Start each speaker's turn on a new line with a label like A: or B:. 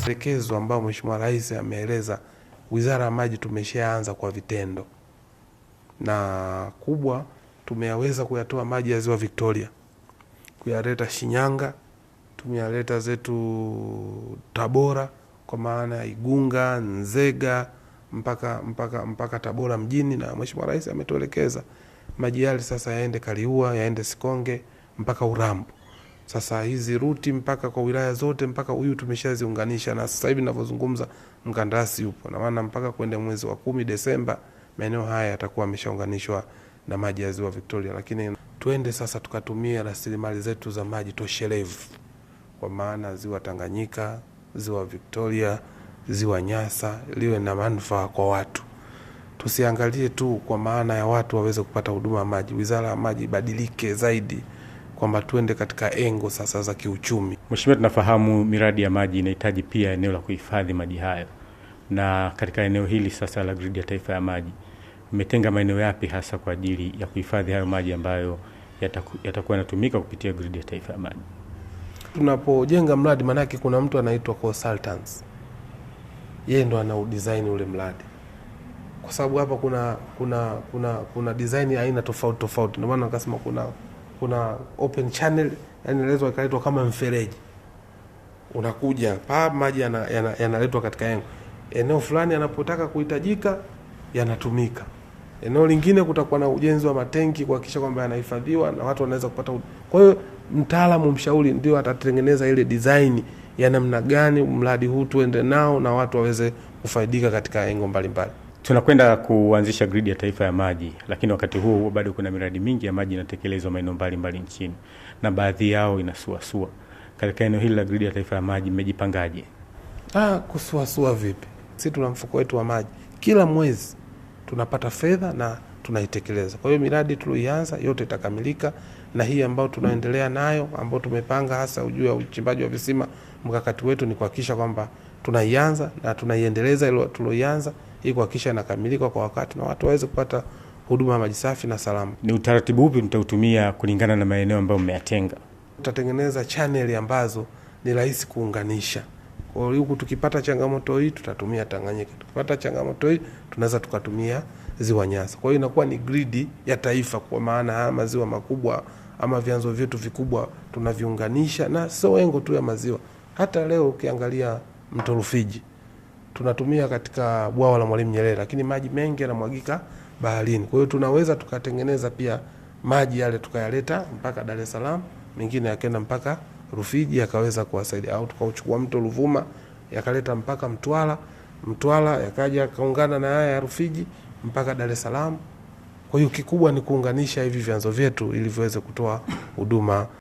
A: Maelekezo ambayo Mheshimiwa Rais ameeleza, Wizara ya Maji tumeshaanza kwa vitendo, na kubwa tumeyaweza kuyatoa maji ya Ziwa Victoria kuyaleta Shinyanga, tumeyaleta zetu Tabora kwa maana ya Igunga, Nzega mpaka mpaka mpaka Tabora mjini, na Mheshimiwa Rais ametuelekeza maji yale sasa yaende Kaliua, yaende Sikonge mpaka Urambo. Sasa hizi ruti mpaka kwa wilaya zote mpaka huyu tumeshaziunganisha, na sasa hivi ninavyozungumza mkandarasi yupo, na maana mpaka kwenda mwezi wa kumi Desemba maeneo haya yatakuwa ameshaunganishwa na maji ya ziwa Victoria. Lakini twende sasa tukatumie rasilimali zetu za maji toshelevu, kwa maana ziwa Tanganyika, ziwa Victoria, ziwa Nyasa liwe na manufaa kwa watu. Tusiangalie tu kwa maana ya watu waweze kupata huduma ya maji. Wizara ya maji ibadilike zaidi kwamba tuende katika engo sasa za kiuchumi.
B: Mheshimiwa, tunafahamu miradi ya maji inahitaji pia eneo la kuhifadhi maji hayo, na katika eneo hili sasa la gridi ya taifa ya maji mmetenga maeneo yapi hasa kwa ajili ya kuhifadhi hayo maji ambayo yatakuwa yanatumika kupitia gridi ya taifa ya maji?
A: Tunapojenga mradi, maanake kuna mtu anaitwa consultants, yeye ndo ana design ule mradi kwa sababu hapa kuna kuna kuna kuna design aina tofauti tofauti, ndio maana nikasema kuna kuna open channel, yani inaweza ikaletwa kama mfereji unakuja pa maji yanaletwa yana, yana katika eneo eneo fulani, yanapotaka kuhitajika yanatumika. Eneo lingine kutakuwa na ujenzi wa matenki kuhakikisha kwamba yanahifadhiwa na watu wanaweza kupata. Kwa hiyo mtaalamu mshauri ndio atatengeneza ile design ya namna gani mradi huu tuende nao na watu waweze kufaidika katika engo mbalimbali.
B: Tunakwenda kuanzisha gridi ya taifa ya maji, lakini wakati huo huo bado kuna miradi mingi ya maji inatekelezwa maeneo mbalimbali nchini na baadhi yao inasuasua. Katika eneo hili la gridi ya taifa ya maji mmejipangaje?
A: Ah, kusuasua vipi? Si tuna mfuko wetu wa maji, kila mwezi tunapata fedha na tunaitekeleza. Kwa hiyo miradi tulioianza yote itakamilika, na hii ambayo tunaendelea nayo ambayo tumepanga hasa juu ya uchimbaji wa visima, mkakati wetu ni kuhakikisha kwamba tunaianza na tunaiendeleza ile tulioianza ili kuhakikisha inakamilika kwa wakati na watu waweze kupata huduma ya maji safi na salama.
B: Ni utaratibu upi mtautumia kulingana na maeneo ambayo mmeyatenga?
A: Tutatengeneza chaneli ambazo ni rahisi kuunganisha. Kwa hiyo huku tukipata changamoto hii tutatumia Tanganyika, tukipata changamoto hii tunaweza tukatumia ziwa Nyasa. Kwa hiyo inakuwa ni gridi ya taifa, kwa maana haya maziwa makubwa ama vyanzo vyetu vikubwa tunaviunganisha, na sio engo tu ya maziwa. Hata leo ukiangalia mto Rufiji tunatumia katika bwawa la Mwalimu Nyerere, lakini maji mengi yanamwagika baharini. Kwa hiyo tunaweza tukatengeneza pia maji yale tukayaleta mpaka Dar es Salaam, mengine yakaenda mpaka Rufiji yakaweza kuwasaidia, au tukauchukua mto Ruvuma yakaleta mpaka Mtwara, Mtwara yakaja kaungana na haya ya Rufiji mpaka Dar es Salaam. Kwa hiyo kikubwa ni kuunganisha hivi vyanzo vyetu ili viweze kutoa huduma